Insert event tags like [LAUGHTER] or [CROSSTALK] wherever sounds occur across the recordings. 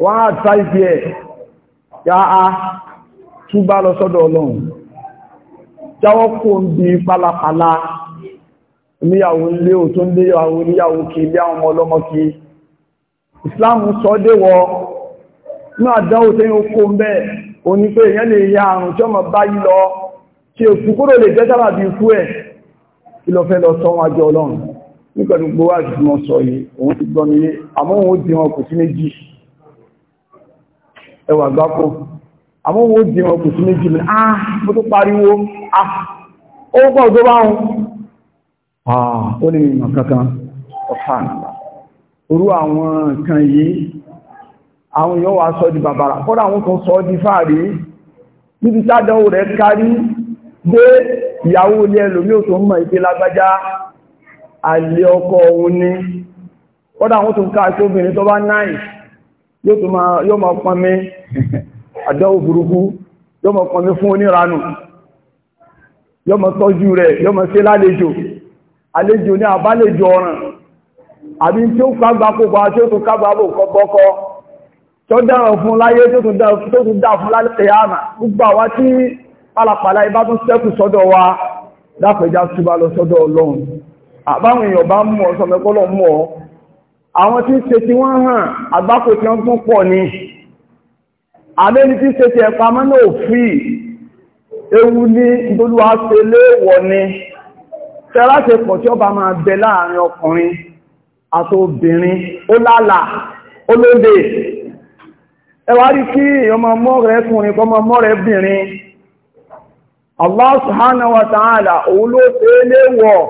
wọ́n á tàìsí ẹ̀ ya a túbá lọ sọ́dọ̀ ọlọ́run jáwọ́ kò ń bí pálapàla níyàwó ilé ò tó ń lé àwọn oníyàwó kí ilé àwọn ọmọ ọlọ́mọ kí Islam sọ déwọ ní àdánwò tí ó kó ń bẹ́ẹ̀ o pé èyàn lè ya àrùn tí ọmọ báyìí lọ tí èkú kúrò lè jẹ́ sábà bí ikú ẹ̀ kí lọ fẹ́ lọ sọ wọn àjọ ọlọ́run nígbàdúgbò wà jùmọ̀ sọ yìí òun ti gbọ́n mi àmọ́ òun ó di wọn kò sí méjì ẹwà gbákò àwọn owó di wọn kò sí méjì mi ah mo tó pariwo ah owó pọ̀ tó bá wọn ah ó ní ìmọ̀ kankan ọ̀fà orú àwọn nǹkan yìí àwọn èèyàn wà sọ di bàbàrà kọ́dà àwọn kan sọ di fàárí níbi sádánwò rẹ̀ kárí dé ìyàwó ilé ẹlòmí òtò mọ̀ ìpé lágbájá alẹ́ ọkọ òun ní kọ́dà àwọn tó ń ká àti obìnrin tó bá náà yóò tó máa yóò máa pọn mi [LAUGHS] àdáwò burúkú yóò máa pọn mi fún oníranù yóò máa tọ́jú rẹ̀ yóò máa ṣe lálejò àlejò ní àbálejò ọ̀ràn àbí tí ó kágbà kópa tí ó tún kágbà bò kọ́kọ́ tó dáran fún láyé tó tún dá fún lálẹ́ àmà gbogbo àwa tí pálapàla ibá tún sẹ́kù sọ́dọ̀ wa dápẹjá túbá lọ sọ́dọ̀ ọlọ́run àbáwọn èèyàn bá mú ọ sọmọkọ́lọ̀ mú ọ àwọn tí ń ṣe tí wọ́n hàn àgbákò tí wọ́n tún pọ̀ ní àbẹ́ni tí ṣe tí ẹ̀pá mọ́nà òfí ewu ní ìdólúwà ṣe léèwọ̀ ni tẹ́láṣẹ pọ̀ tí ó bá máa bẹ láàrin ọkùnrin àti obìnrin ó lálà ó lóde kí ọmọ Allah subhanahu wa ta'ala òun ló ṣe léèwọ̀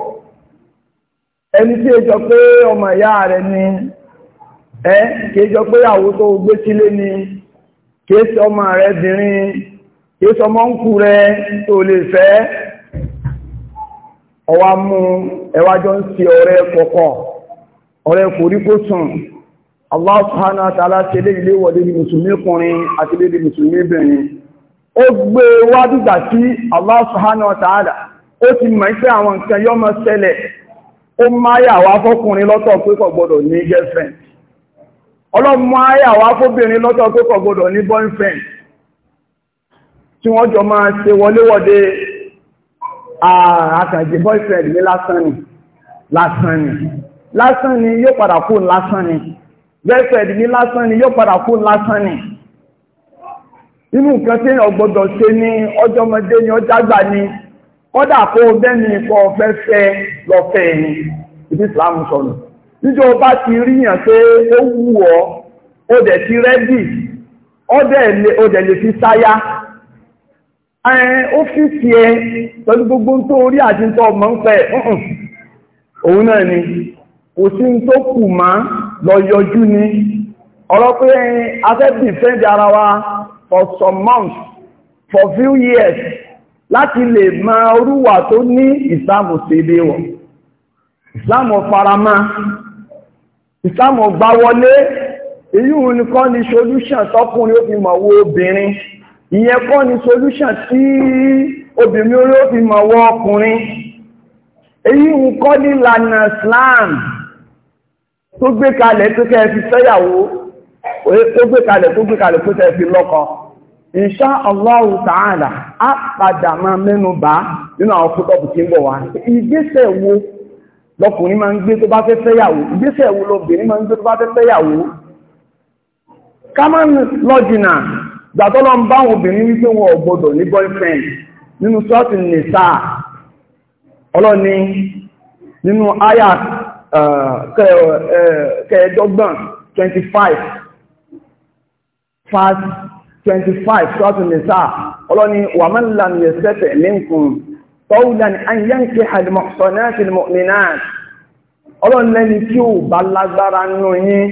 ẹni tí èjọ pé ọmọ ìyá rẹ̀ ni ẹ́ kéjọ pé àwò tó gbé sílé ni kéèsì ọmọ rẹ̀ dìrín kéèsì ọmọ ń kú rẹ̀ tó lè fẹ́ ọwá mú ẹwàjọ́ ń ṣe ọ̀rẹ́ kọ̀kọ̀ ọ̀rẹ́ kò sùn Allah ilé wọ̀dé ní mùsùlùmí e Allah ó máyà wá fọ́kùnrin lọ́tọ̀ pé gbọdọ̀ ní girlfriend ọlọ́mọ ayà wá lọ́tọ̀ pé gbọdọ̀ ní boyfriend tí wọ́n jọ máa ṣe wọléwọ́de àkàjẹ́ boyfriend ní lásán ni lásán ni lásán ni yóò padà kú lásán ni ní lásán ni yóò padà ni inú nǹkan tí ṣe ní ọjọ́mọdé ni ni kọ́dà kó bẹ́ni ikọ̀ ọ̀fẹ́ fẹ́ lọ́fẹ́ ẹni ìdí islam sọ̀nà níjọ bá ti ríyàn pé ó wù ọ́ ti rẹ́dì ó lè fi sáyá ọ́fíìsì ẹ pẹ̀lú gbogbo tó orí àti tó ọmọ ń òun náà ni kò sí lọ yọjú ni ọ̀rọ̀ pé wa for some months for few years láti lè ma orúwà tó ní ìsìláàmù sí ilé wọ̀. ìsìláàmù farama ìsìláàmù gbá wọlé èyí òun kọ́ ni solution tọ́kùnrin ó fi mọ̀ wo obìnrin ìyẹn kọ́ ni solution tí obìnrin orí ó fi mọ̀ wọ ọkùnrin èyí òun kọ́ ni lànà Islam tó gbé kalẹ̀ tó kẹ́ fi fẹ́yàwó tó gbé kalẹ̀ tó gbé kalẹ̀ tó tẹ́ fi lọ́kọ̀ọ́ Insha Allah Ta'ala, a padà ma mẹ́nu bá nínú àwọn fútọ́pù tí ń bọ̀ wá. Ìgbésẹ̀ wo lọkùnrin ń gbé tó bá fẹ́ fẹ́yàwó? Ìgbésẹ̀ wo lọbìnrin máa ń gbé tó bá fẹ́ fẹ́yàwó? Ká 25 sọ́tún nìsá ọlọ́ni wà mọ́ lànà yẹ̀sẹ̀tẹ̀ minkum tọ́wùlàn àyẹ́ǹkì àdìmọ̀sọ̀nẹ́sì mọ̀mìnà ọlọ́nlẹ́ni tí ó bá lágbára nù yín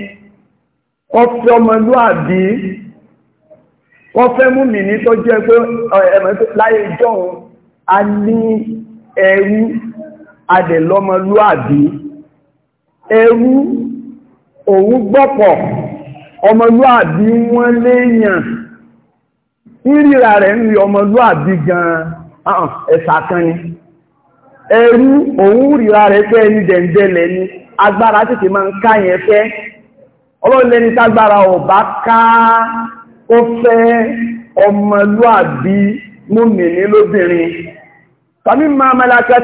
wọ́n fẹ́ ọmọlúàbí wọ́n fẹ́ mú mi ní tó jẹ́ òun gbọ́pọ̀ ọmọlúàbí wọ́n léèyàn ríra rẹ̀ ń rí ọmọlúàbí gan-an ẹ̀sà kan ni ẹ̀rú òun ríra rẹ̀ pé ẹni dẹ̀ndẹ̀lẹ̀ ni agbára títí máa ń ká yẹn fẹ́ ọlọ́lẹ́ni tágbára ọ̀bá ká ó fẹ́ ọmọlúàbí múmìnì lóbìnrin tàbí máa malakat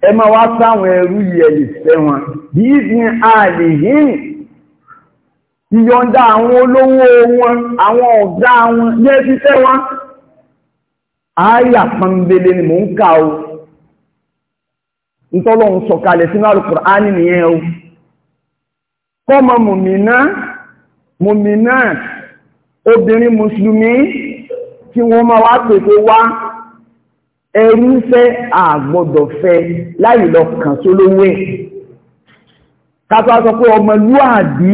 ẹ máa wá sáwọn ẹrú yìí ẹ̀lì fẹ́ wọn bí i fi ààlè yìí ìyọ̀ǹda àwọn olówó wọn àwọn ọ̀gá wọn ní ẹ fífẹ́ wọn ààyà pàmbélé ni mò ń kà o nítọ́lọ́hun sọ̀kalẹ̀ sínú Al-Kùránì nìyẹn o kọ́mọ mùmìnà mùmìnà obìnrin mùsùlùmí tí wọ́n máa wá pèsè wá ẹ̀rí ń fẹ́ àgbọ́dọ̀ fẹ́ láì lọ kàn tó lówó ẹ̀ kátó sọ pé ọmọlúàbí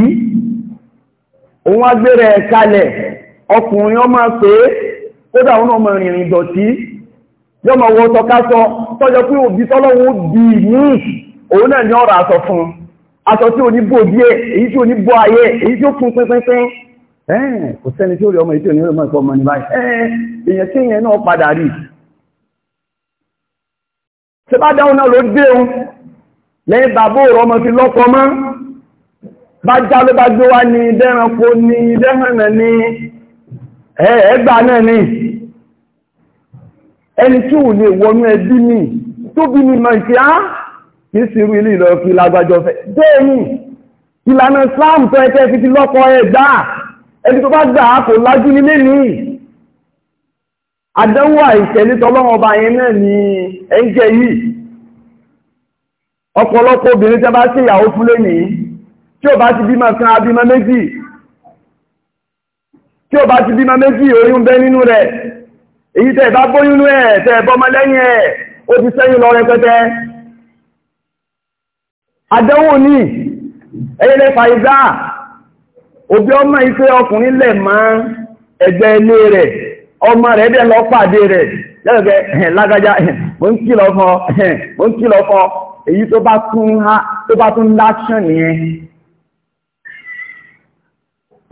òun agbére ẹ̀ kalẹ̀ ọkùnrin ọmọ pé kódà òun ọmọ ìrìnrìn dọ̀tí yọmọ wọ tọkásọ tọ́jọ pé òbí tọ́lọ́wọ́ bí ní òun náà ní ọ̀rọ̀ aṣọ fún aṣọ tí ò ní bò bí ẹ̀ èyí tí ò ní bò ayé èyí tí ó fún pínpínpín ẹ̀ẹ́n kò sẹ́ni tí ó rí ọmọ èyí tí ò ní ọmọ ìfọ́mọ ṣe bá dáhùn náà ló dé ohun lẹ́yìn bàbá òrò ọmọ ti lọ́kọ mọ́ bá já ló bá gbé wá ní dẹ́ranko ní dẹ́hànà ní ẹgbà náà ní ẹni tí ò lè wọnú ẹbí mi tó bí mi máa ṣe á kì í sírú ilé ìlọ fi lágbàjọ fẹ́ bẹ́ẹ̀ni ìlànà Islam tó ẹkẹ́ fi ti lọ́kọ àdánwò àìṣẹ́ nítọ́lọ́wọ́ ọba yẹn náà ni ẹ̀ńjẹ yìí ọ̀pọ̀lọpọ̀ obìnrin tẹ́ bá sí ìyàwó fúnlé ní tí ó bá ti bímọ kan abímọ méjì tí ó bá ti bímọ méjì oyún bẹ́ nínú rẹ̀ èyí tẹ́ bá bóyún ẹ̀ tẹ́ bọ́mọ lẹ́yìn ẹ̀ ó ti sẹ́yìn lọ ọmọ rẹ̀ dẹ̀ lọ pàdé rẹ̀ lẹ́gbẹ̀ẹ́ ẹ̀hẹ̀ lágájá mo ń kìlọ̀ fún ọ mo ń kìlọ̀ fún ọ èyí tó bá tún há tó bá tún láṣàn nìyẹn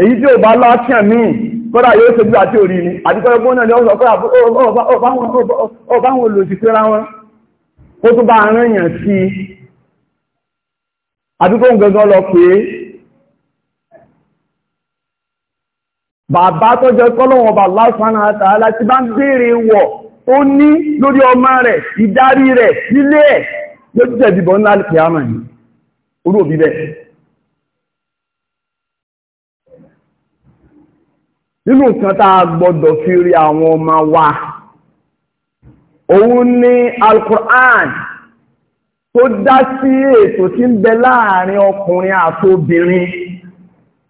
èyí tí ò bá láṣàn míì kọ́dà yóò ṣe bí àti orí ni àti pẹ́lú gbọ́nà ni ó sọ kọ́dà ọbáwọn olùsìsẹ́ ra wọn ó bàbá tó jẹ́ kọ́lọ̀wọ̀n bà láìsàn àtàlá ti bá ń bèèrè wọ̀ ó ní lórí ọmọ rẹ̀ ìdarí rẹ̀ sílé ẹ̀ yóò jẹ́ ìbọn ńlá lè pẹ̀yàmà ní orú òbí bẹ́ẹ̀ nínú nǹkan tá a gbọ́dọ̀ fi rí àwọn ọmọ wa òun ni Al-Qur'an tó dá sí ètò tí ń bẹ láàrin ọkùnrin àti obìnrin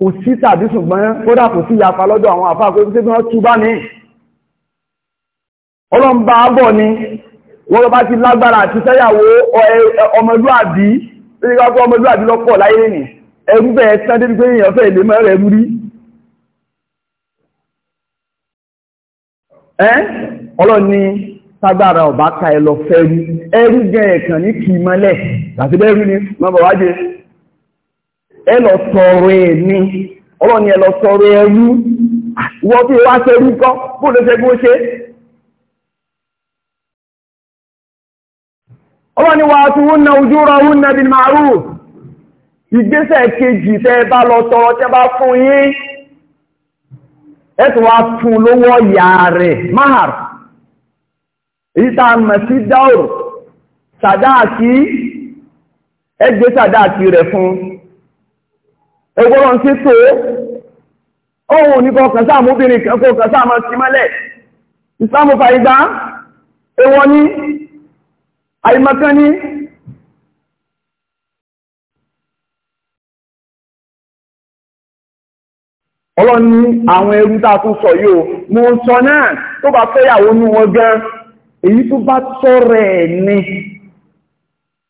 kò sí tàbí ṣùgbọ́n kódà kò sí yapa lọ́dọ̀ àwọn àfáà pé tí wọ́n túbá ní ọlọ́mbà bọ̀ ni wọ́n bá ti lágbára àti sẹ́yàwó ọmọlúàbí lóríkọ́ ọmọlúàbí lọ́pọ̀ láyé nì ẹgbẹ́ ẹ̀sán débi pé èèyàn fẹ́ ilé mẹ́rẹ̀ múrí ẹ́n ọlọ́ni tágbára ọ̀bá ka ẹ lọ fẹ́ rí ẹrú gẹ̀ẹ́kàn ní kìí mọ́lẹ̀ ni mọ́bọ̀ ẹlọ tọrọ ẹ̀mí ọlọ́ni ẹlọ tọrọ ẹrú wọ́n tí wá ṣe rú kọ́ bó ló ṣe bó ṣe ọlọ́ni wà tún na ojú rọ hún na bí màárù ìgbésẹ̀ kejì tẹ́ bá lọ tọrọ tẹ́ bá fún yín ẹ̀tùn wá fún lówó ìyá rẹ̀ mahar èyí ẹgbẹ́ sàdáàkì rẹ̀ fún ẹgbọ́rọ̀ ń ṣètò ohun ní kọkàn sáàmù obìnrin kẹkọọ kan sáàmù ti mẹ́lẹ̀ ìsìlámù fàyígbá ewọ ní àìmọ̀kan ní ọlọ́run ní àwọn ẹrú tá a tún sọ yóò mo sọ náà tó bá fẹ́yàwó ní wọn gan èyí tó bá tọ́rẹ̀ ní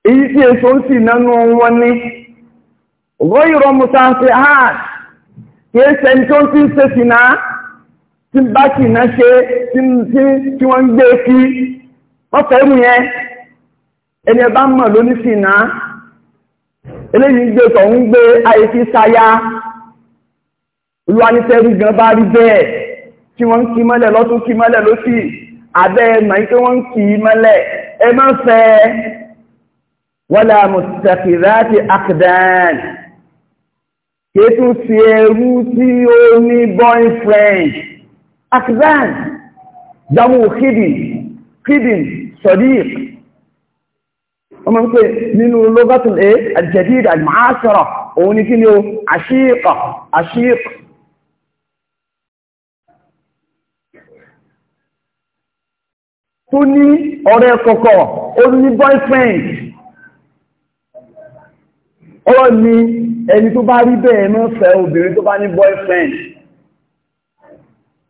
èyí tí èso ń sì nánú wọn ní Gọ́yìrọ̀ Musansi Hàn, kìí ṣẹni tó ti ń ṣe sínà, tí bá kì ná ṣe tí wọ́n ń gbé kí, e wọ́n fẹ́ mú yẹn, ẹni ẹbá mọ̀ lóní sínà, eléyìí gbé tọ̀ ń gbé ayé kí sáyá, olúwanisẹ́rí gan bá rí bẹ́ẹ̀, tí wọ́n ń kí mọ́lẹ̀ lọ́tún kí mọ́lẹ̀ lọ́sì, àbẹ́ ẹ̀mà ìpé wọ́n ń kí mọ́lẹ̀, ẹ má fẹ́ wọ́lá mùsàkìrá ti akdán kìí tún ṣe ẹrú tí ó ní boyfriend akzan jamu khidin khidin sadiq ọmọ ń pè nínú lọ́gọ́tún a al-jadid al-mu'asira òun ni kí ni ó àṣíkà àṣíkà tó ní ọ̀rẹ́ kọ̀kọ̀ ó ní boyfriend ó ẹni tó bá rí bẹ́ẹ̀ mọ́ fẹ́ obìnrin tó bá ní boyfriend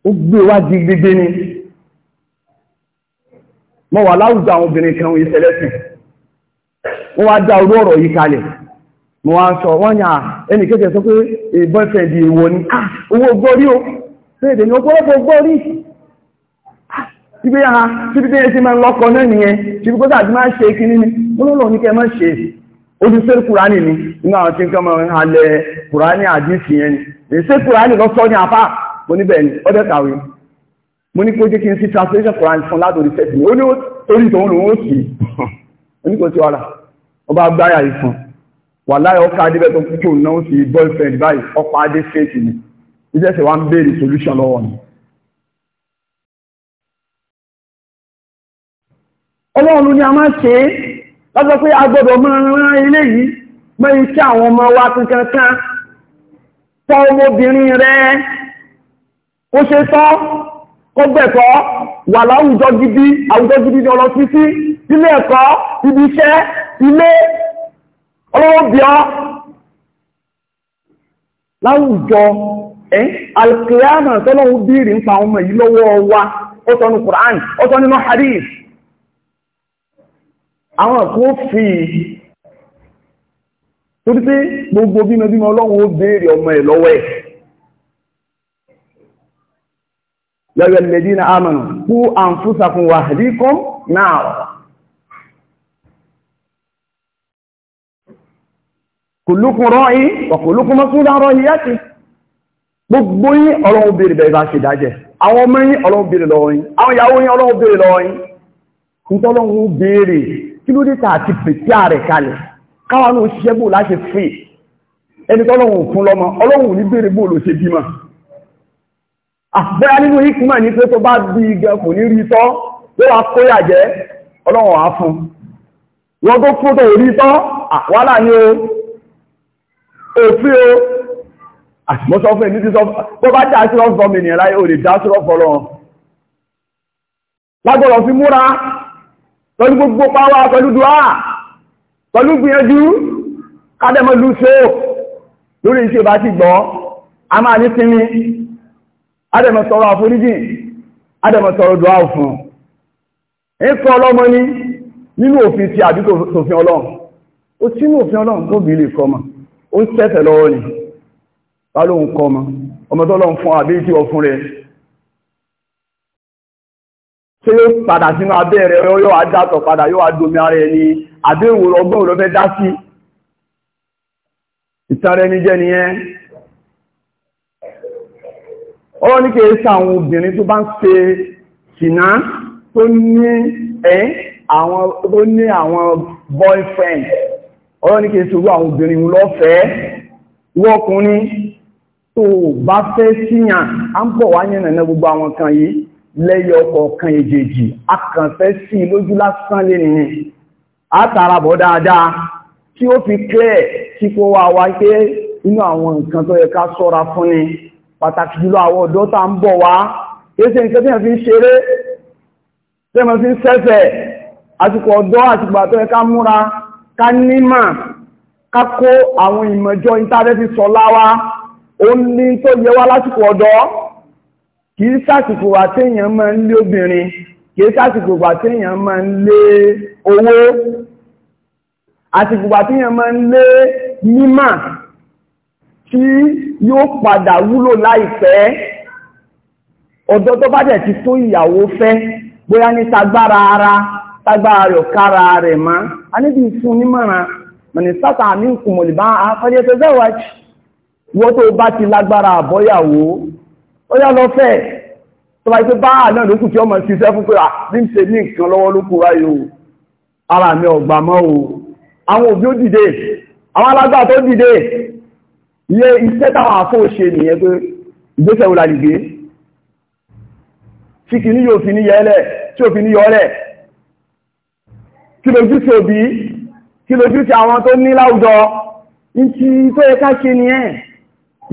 ó gbé wá di gbígbé ni mo wà láwùjọ àwọn obìnrin kan òye sẹlẹ́sìn wọ́n wá dá orú ọ̀rọ̀ yìí kalẹ̀ mo wá sọ wọ́n yà ẹni kéjẹ sọ pé a eh, boyfriend èèwọ̀ ni ah, owó gbọ́rí o ṣe èdè ní ọ̀pọ̀lọpọ̀ gbọ́rí síbí ah, ya ah, síbí bí ẹ ti máa lọ́kọ náà nìyẹn síbí kó tàbí máa ṣe kíní ni wọ́n lọ́lọ́ ní kẹ máa ṣe ojú sí kùránì ni inú àwọn tí ń kọmọ alẹ́ kùránì àdísì yẹn ni ṣe kùránì lọ sọ ní àfá mo níbẹ̀ ni ọdẹ kàwé mo ní kó jẹ́ kí n sí translation kùránì fún látòrí fẹ́sì ni ó ní orí tòun lòun ó sì oníkò tí wàrà ọba agbára ìfún wà láyé ọkà adébẹ́ tó kúkú náà ó sì boyfriend báyìí ọpa adé fẹ́sì ni ìjẹ́sẹ̀ wa ń béèrè solution lọ́wọ́ ni ọlọ́run ló ní a máa ṣe é lọ́sọ pé a gbọ́dọ̀ máa rán ilé yìí mọ́ iṣẹ́ àwọn ọmọ wa kankan kan tọ́ ọmọbìnrin rẹ̀ ó ṣe tọ́ wà láwùjọ gidi àwùjọ gidi ni ọlọ́sí sí ilé ẹ̀kọ́ ibi iṣẹ́ ilé ọlọ́wọ́ àwọn kan fi torí pé gbogbo bímọ bímọ ọlọ́run ó béèrè ọmọ ẹ̀ lọ́wọ́ ẹ̀ lọ́yọ̀ lẹ́dínà àmànà kú àǹfúsàkùn wà ríkọ́ náà kùlùkùn rọ́ọ̀yí ọ̀kùlùkùn mọ́súnlá rọ́ọ̀yí yáti gbogbo yín ọlọ́run béèrè bẹ̀rẹ̀ bá ṣe dájẹ́ àwọn ọmọ yín ọlọ́run béèrè lọ́wọ́ yín àwọn ìyàwó yín ọlọ́run béèrè lọ́wọ́ yín kí ló dé tà àti pèsè ààrẹ kalẹ̀ káwa náà ṣiṣẹ́ bò láti fi ẹni tó lọ́wọ́ fún lọ́mọ ọlọ́wọ́ ní béèrè bò ló ṣe bímọ àbẹ́yà nínú ìkúmọ̀ ní pé tó bá bí igẹ kò ní rí tọ́ ló wá kóyà jẹ́ ọlọ́wọ́ á fún o o àtìmọ́sọ́ fún ẹni tí sọ tó bá dá sí ọ́fọ́ mi nìyẹn láyé ò lè dá sí ọ́fọ́ lọ́wọ́ lágbọ́dọ̀ fi pẹ̀lú gbogbo pàwà pẹ̀lú dùá pẹ̀lú gbìyànjú kádẹ̀mọ́lú ṣe lórí iṣẹ́ bá ti gbọ́ a máa ní sinmi adẹ̀mọ̀sọ̀rọ̀ àforíjì adẹ̀mọ̀sọ̀rọ̀ dùá òfin ẹ̀kọ́ ọlọ́mọ ní nínú òfin ti àbí tòfin ọlọ́run ó tí ní òfin ọlọ́run tó bí lè kọmọ ó ń tẹ́tẹ̀ lọ́wọ́ ni bá lóhun kọmọ ọmọ tí ó padà sínú abẹ́ rẹ̀ yóò adátọ̀ padà yóò adomi ara ẹni àbẹ́ ìwòrò ọgbọ́n òlò fẹ́ dá sí ìtara ẹni jẹ́ nìyẹn ọ̀rọ̀ ní kìí sáwọn obìnrin tó bá ń ṣe ṣìná tó ní àwọn boyfriend ọ̀rọ̀ ní kìí sọ́rọ̀ àwọn obìnrin lọ́fẹ̀ẹ́ wọ́kùnrin tó bá fẹ́ síyàn á ń pọ̀ lẹ́yọ kọ̀ọ̀kan èjèèjì akànfẹ́ sí lójú lásán lè ní àtàràbọ̀ dáadáa tí ó fi clear tí kó wà wá pé inú àwọn nǹkan tó yẹ ká ṣọ́ra fún ni pàtàkì jùlọ àwọn ọ̀dọ́ tá ń bọ̀ wá kéèsẹ̀ nǹkan tí wọ́n fi ń ṣeré tí wọ́n fi ń ṣẹ̀fẹ̀ àsìkò ọ̀dọ́ àsìkò àtọ́ yẹ ká múra ká nímà ká kó àwọn ìmọ̀jọ ìtàrẹ́ fi sọ láwá ó ní kìí sásìkò wà téèyàn máa ń lé obìnrin kìí sásìkò wà téèyàn máa ń lé owó àsìkò wà téèyàn máa ń lé mímà tí yóò padà wúlò láìpẹ́ ọ̀dọ́ tó bá ti tó ìyàwó fẹ́ bóyá ní tagbára ara tagbára rẹ̀ kára rẹ̀ má a níbi ìfún nímọ̀ràn àmì tó bá ti lágbára àbọ́yàwó ó yá lọ fẹ́ tó bá yí pé báà náà lókù tí ọmọ sí iṣẹ́ fún pé à ní ṣe ní nǹkan lọ́wọ́ lókù ráyé o ara mi ọ̀gbà mọ́ o àwọn òbí ó dìde àwọn alágbà tó dìde ilé iṣẹ́ táwọn àfó ṣe nìyẹn pé ìgbésẹ̀ wo la lè gbé tí kì ní yóò fi ní yẹ́lẹ̀ tí ò fi ní yọ́lẹ̀ kí lójú ti òbí kí lójú ti àwọn tó ní láwùjọ ní ti tó yẹ ká ṣe nìyẹn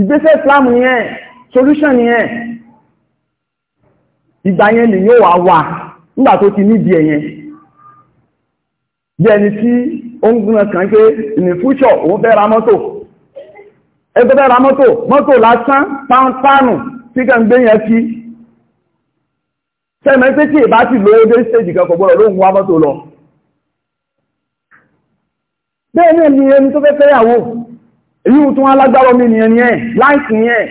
ìgbésẹ̀ Islam nìyẹn solution yẹn ìgbà yẹn lè yóò wà wà nígbà tó ti níbi ẹ̀yẹn bí ẹni tí ó ń gúnra kàn pé in the future òun fẹ́ ra mọ́tò ẹgbẹ́ fẹ́ ra mọ́tò mọ́tò lásán pánpánù tí kẹ́ ń gbé yẹn sí sẹ́mẹ́ pé tí ìbá ti lówó dé stage kan kò gbọ́dọ̀ ló ń wá mọ́tò lọ bẹ́ẹ̀ ni ẹni tó fẹ́ fẹ́yàwó èyí tó wá lágbára omi nìyẹn láìsí yẹn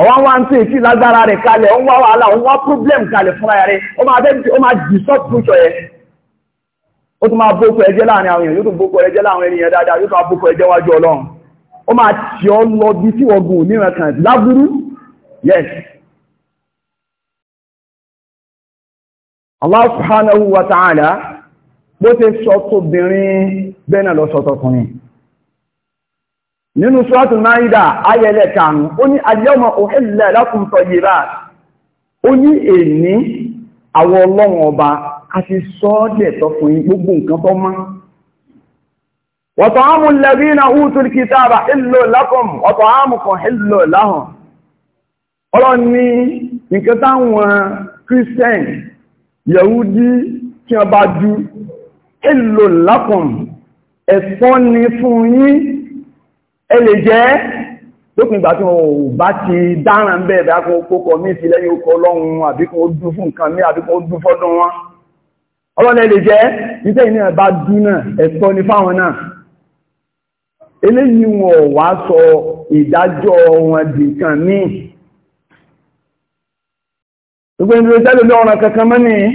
ọwọ́n wá ń tí ìtì lágbára rẹ̀ kalẹ̀ ó wàhálà ó problem kalẹ̀ fúnra rẹ̀ ó máa bẹ́ ó máa jì sọ́ púpọ̀ yẹ ó tún máa bókò ẹjẹ́ láàrin àwọn èèyàn yóò tún bókò ẹjẹ́ láwọn ènìyàn dáadáa yóò tún bókò ẹjẹ́ wájú ọlọ́run ó máa tì ọ́ lọ bí tí wọ́n gùn níran kan láburú yes Allah subhanahu wa ta'ala bó ti sọ tóbìnrin bẹ́ẹ̀ náà lọ sọ tọkùnrin nínú ṣúwátù náírà ayẹlẹ̀ kàánù ó ní al-yawma uhilla lakum tayyibat ó ní èní àwọn ọlọ́run ọba a ti sọ́ọ́dẹ̀ tọ́ fún yín gbogbo nǹkan tó mọ́ wa ta'amu alladhina utul kitaba illu ẹ̀fọ́ ni fún yín ẹ lè jẹ́ lópin ìgbà tí wọn ò bá ti dáràn bẹ́ẹ̀ bí akún kókọ mí sí lẹ́yìn okò ọlọ́run àbíkún ó dún fún nǹkan mí àbíkún ó dún fọ́dún wọn ọlọ́lẹ̀ lè jẹ́ nítẹ́ ìní ẹ̀bá dún náà ẹ̀tọ́ ni fáwọn náà eléyìí wọn ò wá sọ ìdájọ́ wọn di nǹkan míì gbogbo ìdúró tẹ́lẹ̀ lọ́rọ̀ kankan mọ́ nìyí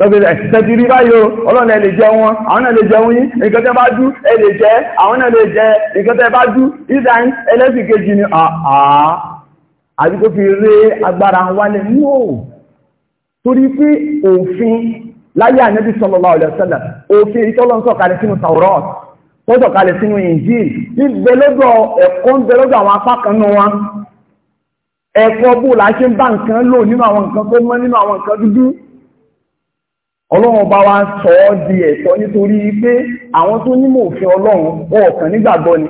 lọ́gbẹ̀rẹ̀ ẹ̀sìtẹ́ ti rí báyìí ọlọ́nà ẹ̀lẹ̀ jẹ wọn àwọn ẹ̀lẹ̀ jẹ wọn yí nǹkan tẹ́ bá dú ẹ̀lẹ̀ jẹ àwọn ẹ̀lẹ̀ jẹ nǹkan tẹ́ bá dú ìdáyín ẹlẹ́sì kejì ni àà àti tó fi ré agbára wálẹ̀ níò torí pé òfin láyé ànẹ́bí sallallahu alaihi wasallam òfin ìtọ́lọ́n sọ̀kalẹ̀ sínú Taurat tó sọ̀kalẹ̀ sínú Injil ìbẹ̀lọ́dọ̀ ẹ̀kọ́ ń bẹ̀lọ́dọ̀ àwọn apá kan nù wọn ẹ̀kọ́ bó la ṣe ń bá nǹkan lò nínú àwọn nǹkan tó mọ́ nínú àwọn nǹkan dúdú ọlọ́run bá wá sọ ọ́ di ẹ̀tọ́ nítorí pé àwọn tó nímọ̀ òfin ọlọ́run ọ̀kan nígbàgbọ́ ni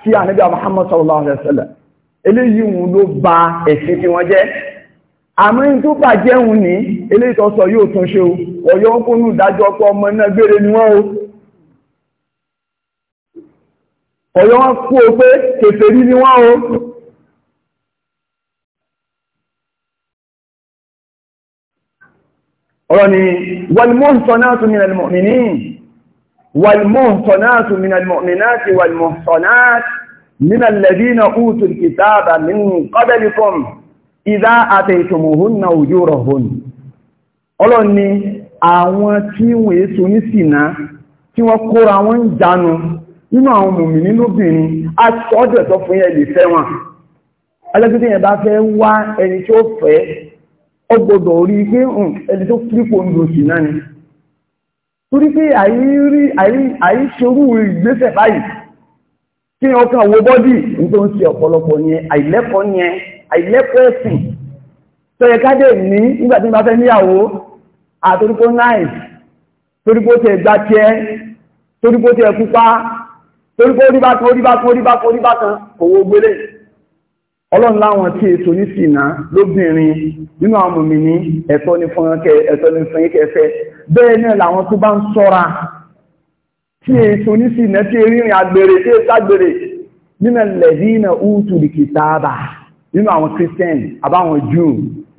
sí ànábì Muhammad sallallahu alaihi wasallam eléyìí wọn ló ba ẹ̀sìn tí wọ́n jẹ́ àmọ́ in tó bà jẹ́ òun ní eléyìí tó sọ yóò tún ṣe o ọ̀yọ́ ń kónú ìdájọ́ ọkọ̀ ọmọ náà gbére ni wọ́n o ọ̀yọ́ wọn kú o pé kèfèrí ni wọ́n o ọ̀rọ̀ ni walmuhsanatu minal mu'minin walmuhsanatu minal mu'minati walmuhsanatu minal ladina utul kitaba min qablikum idha ataytumuhunna ujurahun ọ̀rọ̀ ni àwọn tí wọ́n èso ní sínà tí wọ́n kóra wọn ń jánu nínú àwọn mùmìnì lóbìnrin àti ọjọ́ ìtọ́ fún ó gbọdọ̀ orí pé hmm, ẹni tó kírípò ń dòsì náà ni torí pé àìṣerú ìgbésẹ̀ báyìí kí ọkàn wo bọ́dì tó ń ṣe ọ̀pọ̀lọpọ̀ ni àìlẹ́kọ̀ọ́ ni àìlẹ́kọ̀ọ́ ẹ̀sìn tó yẹ ká dẹ̀ ní nígbàtí bá fẹ́ níyàwó àtorípó náìs torípó tẹ gbá tiẹ́ torípó tẹ pupa torípó orí bákan orí bákan orí bákan orí bákan òwò gbélé ọlọ́run láwọn tí ètò ní sínà lóbìnrin nínú àwọn mòmìnì ẹ̀tọ́ ní fún ẹ̀tọ́ ní fún ẹ̀fẹ́ bẹ́ẹ̀ náà làwọn tó bá ń ṣọ́ra tí ètò ní sínà tí rírin agbèrè tí ètò agbèrè nínú lẹ́dínà útù kìtàbà nínú àwọn christian àbáwọn Júù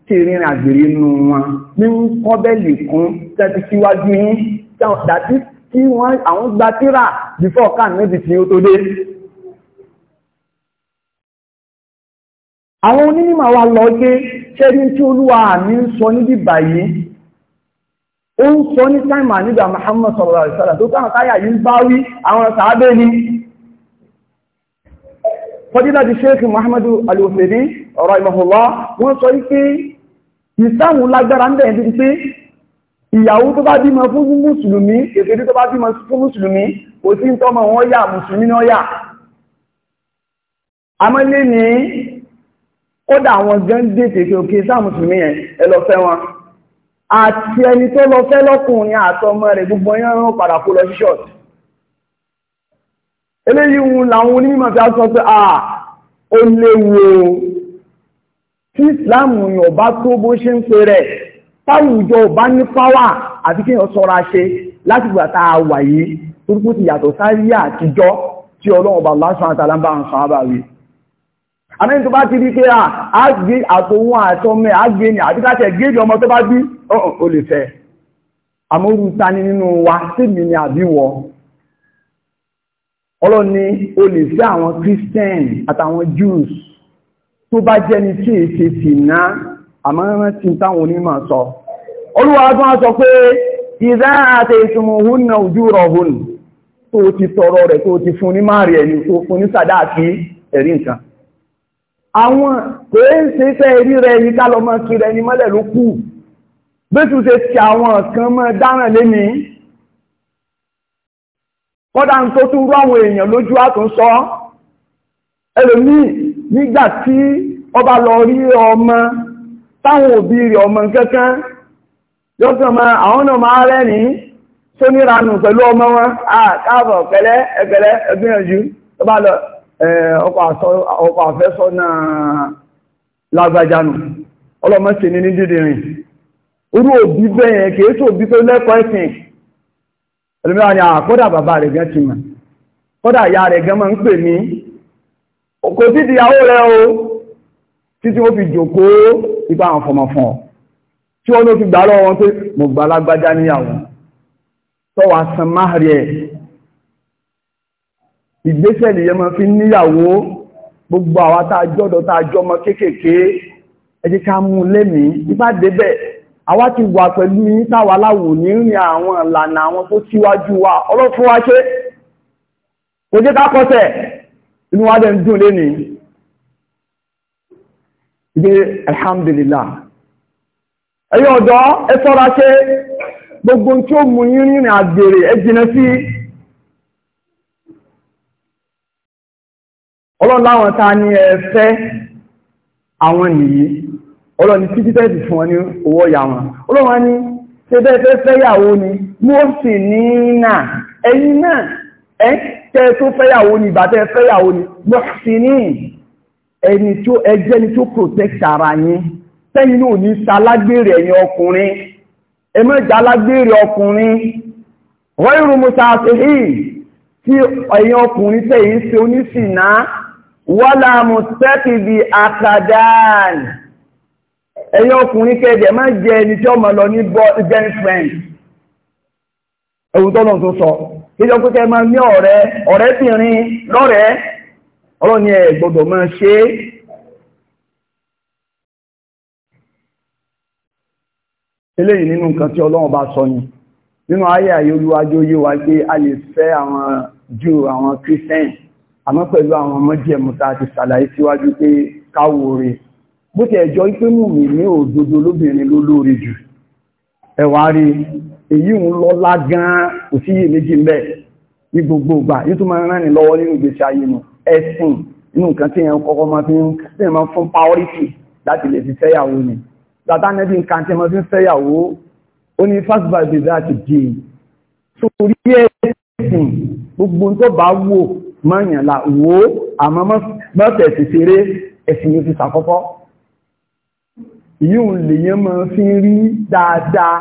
tí rírin agbèrè nínú wọn ní kọ́bẹ̀lì kún tẹ́tí síwájú yín dàtí tí wọ́n àwọn gbatíra bífọ́ káà níbi tí ó tó dé àwọn onímọ̀ wa lọ gé ṣẹ́rí tí olúwa àmì ń sọ níbi báyìí ó ń sọ ní táìmà nígbà Muhammad sallallahu alaihi wasallam tó káwọn táyà yìí bá wí àwọn sàábẹ́ ni fọ́dílá ti ṣéèkì Muhammadu al-Uthaymin rahimahullah wọ́n sọ wípé ìsáhùn lágbára ń bẹ̀rẹ̀ títí pé ìyàwó tó bá bímọ fún kódà àwọn gan dètè fi òkè sáà mùsùlùmí yẹn ẹ lọ fẹ́ wọn àti ẹni tó lọ fẹ́ lọ́kùnrin àtọmọ rẹ̀ gbogbo yẹn rán padà kó lọ sí ṣọ́ọ̀tì eléyìí wọn làwọn onímọ̀ fi sọ pé à ó léwu o tí Islam yàn bá tó bó ṣe ń pe rẹ̀ táwùjọ bá ní páwà àti kíyàn sọ́ra ṣe láti gbà tá a wà yìí torípò ti yàtọ̀ sáyé àtijọ́ tí Ọlọ́run bá lásán àtàlámbà ń sọ àbáwí àmẹ́yìn tó bá ti rí pé a gbé àtòun àtọmẹ́ àgbé ní àbíkáṣẹ̀ géèjì ọmọ tó bá bí o lè fẹ́ àmórúta ní nínú wa sími ni àbíwọ ọlọ́ni o lè fẹ́ àwọn Christian àtàwọn Jews tó bá jẹ́ni tí èsì sì ná àmọ́rán tí táwọn onímọ̀ sọ olúwa tó wá sọ pé ìdá àti ìsìnmòhún náà ojú rọ̀hún tó ti tọrọ rẹ̀ ní àwọn pé ń ṣe fẹ́ rí rẹ ní kálọ́mọ́ kí rẹ ní mọ́lẹ̀ ló kù bẹ́tù ṣe ti àwọn kan mọ́ dáràn lémi kọ́dá ń tó tún rú àwọn èèyàn lójú àtúnsọ ẹlòmíì nígbà tí ọba lọ rí ọmọ táwọn òbí rẹ̀ ọmọ kankan yọ́kàn máa àwọn náà máa rẹ́rìn tó níranù pẹ̀lú ọmọ wọn àkáàbọ̀ pẹ̀lẹ́ ẹ̀pẹ̀lẹ́ ẹgbìyànjú ọba lọ Eh, ọkọ̀ àfẹ́sọ́nà lágbàjánù ọlọ́mọ́sí ní ní dídìrín orú òbí bẹ́yẹn kìí òbí tó lẹ́kọ́ ẹ̀sìn ẹlùmíwà ni àkọ́dà bàbá rẹ̀ gan ti mọ̀ kọ́dà ya rẹ̀ gan máa ń pè mí kò sí o títí ó fi jòkó ipa fi pé ìgbésẹ̀ nìyẹn máa fi níyàwó gbogbo àwa tá a jọ́dọ̀ tá a jọmọ kéékèèké ẹ jẹ́ ká mú lẹ́mí ipá débẹ̀ àwa ti wà pẹ̀lú yín táwa láwò ní rìn àwọn ìlànà àwọn tó síwájú wa ọlọ́fún wa ṣe kò jẹ́ ká inú wa dẹ̀ ń dùn lé ibi alhamdulillah ẹ̀yin ọ̀dọ́ ẹ ṣọ́ra ṣe gbogbo tí ó mú yín rìnrìn àgbèrè ẹ sí ọlọ́run láwọn tá ní ẹ̀fẹ́ àwọn nìyí ọlọ́run tí títẹ́ ti fún wọn ní owó ya wọn ọlọ́run ní ṣe fẹ́yàwó ni mọ́sí ní náà ẹ̀yìn náà ẹ́ tẹ́ tó fẹ́yàwó ni ìbàtẹ́ fẹ́yàwó ni mọ́sí ní ẹni tó ẹjẹ́ ni tó protect ara yín tẹ́yìn náà ní ṣalágbèrè ẹ̀yin ọkùnrin ẹ má jẹ́ alágbèrè ọkùnrin wọ́n irú mọ́ta àti hì tí ẹ̀yin ọkùnrin tẹ́yìn wọ́la mùsẹ́kì bí àkàdán ẹ̀yọ́ ọkùnrin kẹjẹ má jẹ ẹni tí ó mọ̀ lọ ní girlfriend ẹ̀wù tọ́nà tó sọ kíjọ pẹ́kẹ́ má ní ọ̀rẹ́ ọ̀rẹ́bìnrin lọ́rẹ́ ọlọ́ni ẹ̀ gbọ́dọ̀ máa ṣe eléyìí nínú nǹkan tí Ọlọ́run bá sọ ni nínú ayé àyè olúwájú yíwa pé a lè fẹ́ àwọn Júù àwọn àmọ́ pẹ̀lú àwọn ọmọdéẹmù tá a ti ṣàlàyé síwájú pé káwo rẹ̀ bó ti ẹ̀jọ́ pé mú mi ní òdodo lóbìnrin ló lóore jù ẹ̀wà rí èyí ń lọ́lá gan-an kò sí yìí méjì ń bẹ̀ ní gbogbo ìgbà yìí tó máa ń rán ni lọ́wọ́ nínú ìgbésí ayé ń ni látánẹ́bí nǹkan tí wọ́n fi ń fẹ́yàwó ó ní first by the tó bá wò mọ́yànlá wo àmọ́ mọ́tẹ̀ẹ̀sì ṣeré ẹ̀sìn yóò fi sàkọ́kọ́ yíò lèyàn mọ́ fi rí dáadáa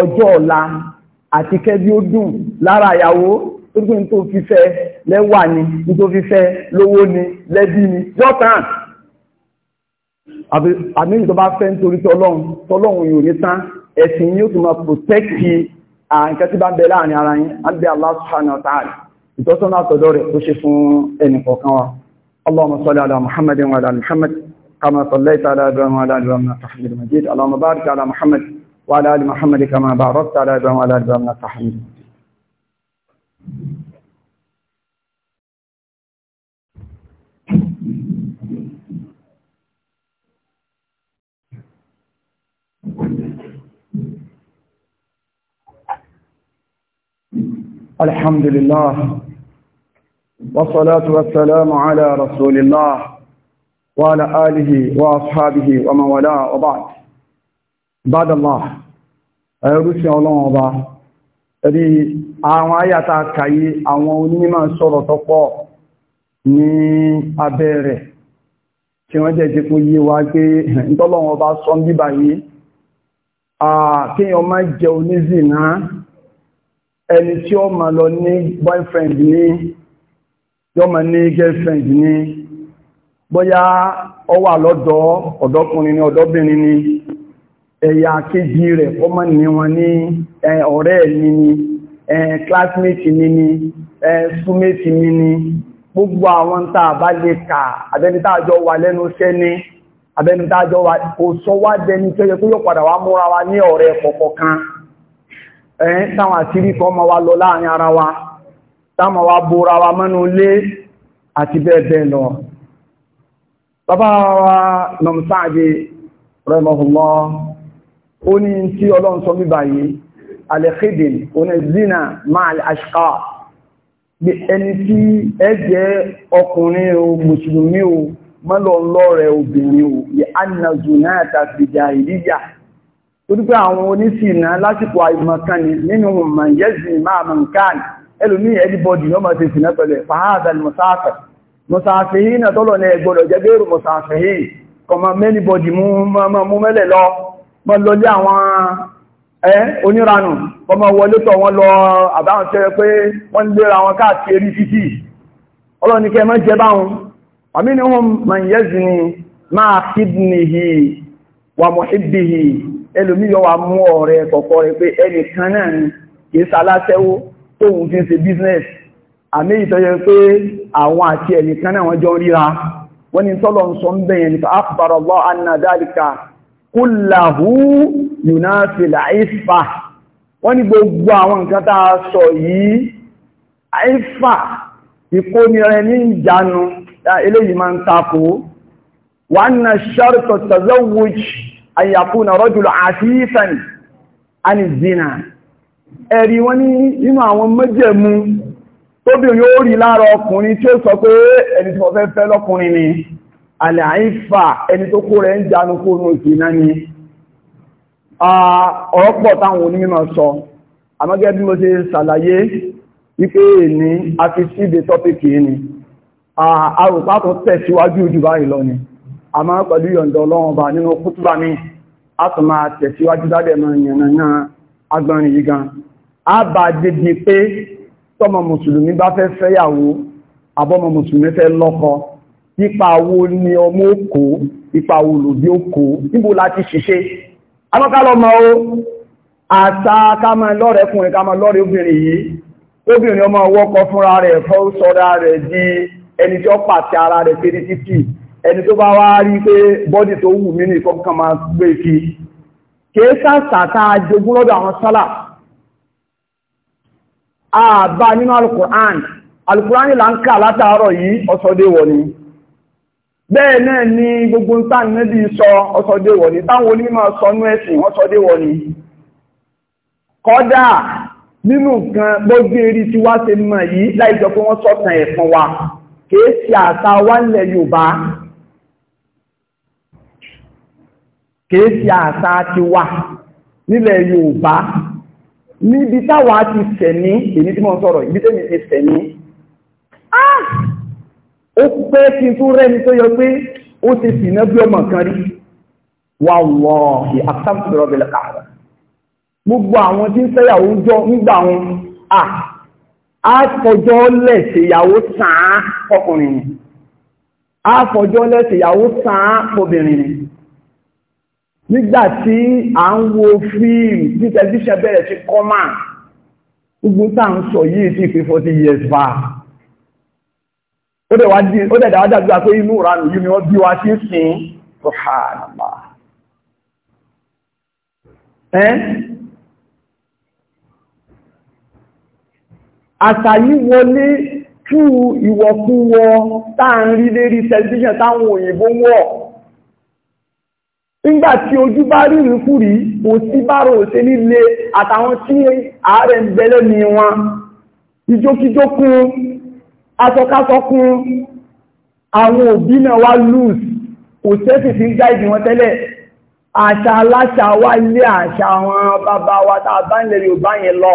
ọjọ́ ọ̀la àti kẹ́bí ó dùn lára ìyàwó tó gbé tó fi fẹ́ lẹ́wà ni tó fi fẹ́ lówó ni lẹ́bí ni yọ́tàn àmì tó bá fẹ́ nítorí tọ́lọ́run tọ́lọ́run yóò ní tán ẹ̀sìn yóò tún máa protect nǹkan tí bá ń bẹ láàrin ara yín á ń bẹ Allah subhanahu wa ta'ala ìtọ́sọ́nà àtọ̀dọ́ rẹ̀ tó ṣe fún ẹnìkọ̀ọ̀kan wa اللهم صل على محمد وعلى ال محمد كما صليت على ابراهيم وعلى ال ابراهيم انك حميد مجيد اللهم بارك على محمد وعلى ال محمد كما باركت على ابراهيم وعلى ال ابراهيم انك حميد الحمد لله والصلاة والسلام على رسول الله وعلى آله وأصحابه ومن والاه وبعد بعد الله ẹ̀rùsí ọlọ́run ọba ẹ̀rí àwọn ayàta kàyí àwọn onímọ̀ sọ̀rọ̀ tọ́pọ̀ ní abẹ́ rẹ̀ tí wọ́n jẹ́ jẹ́ kó yé wa pé ìtọ́lọ́run ọba sọ ń bíbà yìí kíyàn má jẹ́ onízìnà ẹni tí ó ma lọ ní boyfriend ní yọ́ ma ní girlfriend ní bóyá ọwà lọ́dọ̀ ọ̀dọ́kùnrin ni ọ̀dọ́bìnrin ni ẹ̀yà kéjì rẹ̀ ọmọ ní wọn ní ọ̀rẹ́ mi ní classmate gbogbo àwọn tá a bá lè kà wà lẹ́nu iṣẹ́ ní wà kò sọ wá dẹni tó yẹ kó yóò padà wá múra wa ní ọ̀rẹ́ kọ̀ọ̀kan táwọn lọ láàrin ara wa. táàmà wa bóra wa mọ́nú ilé àti bẹ́ẹ̀bẹ́ẹ̀ lọ bàbá wa nọmsáàdé rẹmọ̀hùnmọ́ ó ní tí ọlọ́run sọ bíbà yìí alẹ́kẹ́dẹ̀ onízínà máa àṣíká bí ẹni tí ẹ jẹ́ ọkùnrin o mùsùlùmí o mọ́lọ̀lọ́rẹ̀ obìnrin o yẹ anàzù náà tàbíjà ìdíjà torípé ẹlòmí ẹdíbọdì yọ máa ṣe sìnà pẹ̀lú fàáàdà mọ̀sáàfẹ́ mọ̀sáàfẹ́hìn náà tọ́lọ̀ ní ẹgbọ́dọ̀ jẹ́ bẹ́rù mọ̀sáàfẹ́hìn kọmọ mẹ́nibọdì mú mẹ́lẹ̀ lọ mọ́ lọlé àwọn ẹ́ oníranù kọmọ wọlé tọ̀ wọn lọ àbáhùn tẹ́ pé wọ́n lera wọn káàkiri títì ọlọ́nikẹ́ mọ́ jẹ báhùn àmì ni wọ́n man yazni máa kídìnìhì wà mọ̀híbìhì ẹlòmí yọ wà mú kìí sáláṣẹ́wó tóhun ti ń ṣe business àmì ìtọ́jẹ́ pé àwọn àti ẹnìkan náà wọ́n jọ ríra wọ́n ni tọ́lọ ń sọ ń bẹ̀yẹ̀ ní akbar Allah anna dhalika kullahu yunafil àìfà wọ́n ni gbogbo àwọn nǹkan tá a sọ yìí àìfà ìkónirẹ ní ìjánu eléyìí máa ń takò wa anna sharta tazawwuj an yakuna rajul afifan an zina ẹ̀rí wọ́n ní inú àwọn mẹ́jẹ̀mú tóbìnrin ó rí lára ọkùnrin tí ó sọ pé ẹni tí wọ́n fẹ́ fẹ́ lọ́kùnrin ni alẹ́ àìfà ẹni tó kó rẹ̀ ń jánu kó nù sí náà ni ọ̀rọ̀pọ̀ táwọn onímọ̀ sọ àmọ́gẹ́ bí mo a tẹ̀síwájú dádẹ̀ mọ́ ìyẹn náà agbọ̀nrin yìí gan a bá débi pé tọ́mọ mùsùlùmí bá fẹ́ fẹ́yàwó àbọ́mọ mùsùlùmí fẹ́ lọ́kọ ipa wo ni ọmọ òkó ipa wo lòdí òkó níbo láti ṣiṣẹ́ alọ́kálọ́mọ o àṣà kámọ lọ́rẹ̀kùnrin kámọ lọ́rẹ̀ obìnrin yìí obìnrin ọmọ wọ́kọ fúnra rẹ̀ fọ́ sọ́ra rẹ̀ di ẹni tí ó pàtẹ kèékà sàtà ajogún lọ́dọ̀ àwọn sálà àbá nínú alukur'an alukur'an là ń kà látàárọ̀ yìí ọsọdéwọ̀ ni bẹ́ẹ̀ náà ni gbogbo ń tàn níbi sọ ọsọdéwọ̀ ni táwọn onímọ̀ sọnú ẹ̀sìn ọsọdéwọ̀ ni kọ́dà nínú nǹkan gbogbo eré wá ṣe mọ̀ yìí láìjọ pé wọ́n sọ̀tàn ẹ̀fọn wa kèé sí àtàwálẹ̀ Yorùbá kìí ṣe àṣà ti wà nílẹ̀ Yorùbá níbi táwa ti sẹ̀ní èyí tí mo sọ̀rọ̀ ibi tẹ́mi ti sẹ̀ní ah! ó pẹ́ kí n tún rẹ́ni tó yọ pé ó ti sìnà bí ọmọ kan rí wà lọ́ọ̀hì àtàkùnrin ọ̀bẹ̀lẹ̀ kààrà gbogbo àwọn tí ń fẹ́yàwó jọ nígbà wọn àfọjọ́ ah! lẹ́sẹ̀yàwó sàn án ọkùnrin ni àfọjọ́ lẹ́sẹ̀yàwó sàn án obìnrin ni nígbà tí à ń wo fíìmù tí tẹlifíṣẹ́ bẹ̀rẹ̀ sí kọ́mà gbogbo tá à ń sọ yìí ti pé forty years back ó dẹ̀ dáwà dàgbà pé inú ìranù yìí ni wọ́n bí wa sí sin ṣùhánàmà ẹ́ àtàyí wọlé tú ìwọ̀kúwọ tá à ń rí lérí tẹlifíṣẹ́ táwọn òyìnbó wọ̀ nígbà tí ojú bá rí ìrúfúrí kò sí bárò ṣe nílé àtàwọn tí ààrẹ ń bẹ̀lẹ̀ ní wọn ìjókíjó kún asọkásọ kún àwọn òbí náà wá lùs kò sẹ́sì sí gáìdì wọn tẹ́lẹ̀ àṣà aláṣà wá ilé àṣà àwọn bàbá wa tàbá ilẹ̀ Yorùbá yẹn lọ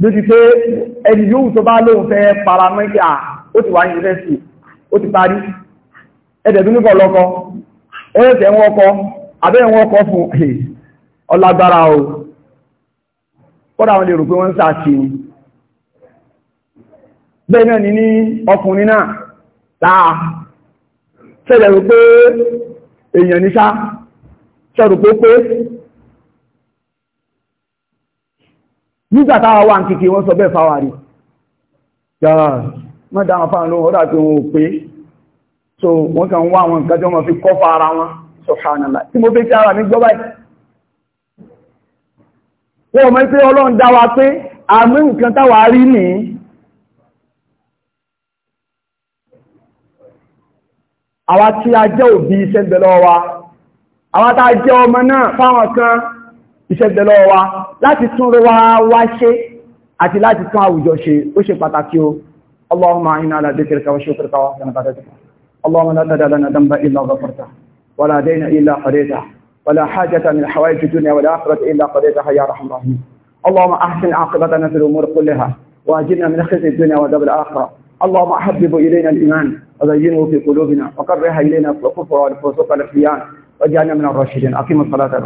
ló ti pé ẹni yóò tó bá lóun fẹ́ paramẹ́kà ẹ̀ẹ́sẹ̀ wọn kọ abẹ́ wọn kọ fún [LAUGHS] ọlágbára o kọ́dà wọn lè rò pé wọ́n ń sàṣì ni bẹ́ẹ̀ náà ni ní ọkùnrin náà láà ṣẹlẹ̀ rò pé èèyàn ní sá ṣẹlẹ̀ pé pé nígbà wà ń kìkì wọ́n sọ bẹ́ẹ̀ fáwà rí yàrá mọ́ta fáwọn lóhun so wọ́n kàn wá àwọn nǹkan tí wọ́n fi kọ́ fa ara wọn subhanallah tí mo fẹ́ kí ara mi gbọ́ báyìí wọ́n mọ̀ pé ọlọ́run dá wa pé àmì nǹkan táwà rí ní àwa tí a jẹ́ òbí iṣẹ́ bẹ̀lọ́ wa láti tún rọ wá ṣe àti láti tún àwùjọ ṣe ó ṣe pàtàkì o Allahumma inna ala dhikrika wa shukrika wa ihsani ibadatika اللهم لا تدع لنا ذنبا إلا غفرته ولا دين إلا قضيته ولا حاجة من حوائج الدنيا والآخرة إلا قضيتها يا رحم الراحمين اللهم أحسن عاقبتنا في الأمور كلها وأجرنا من خزي الدنيا وعذاب الآخرة اللهم أحبب إلينا الإيمان وزينه في قلوبنا وقرها إلينا الكفر والفسوق والعصيان واجعلنا من الراشدين أقيم الصلاة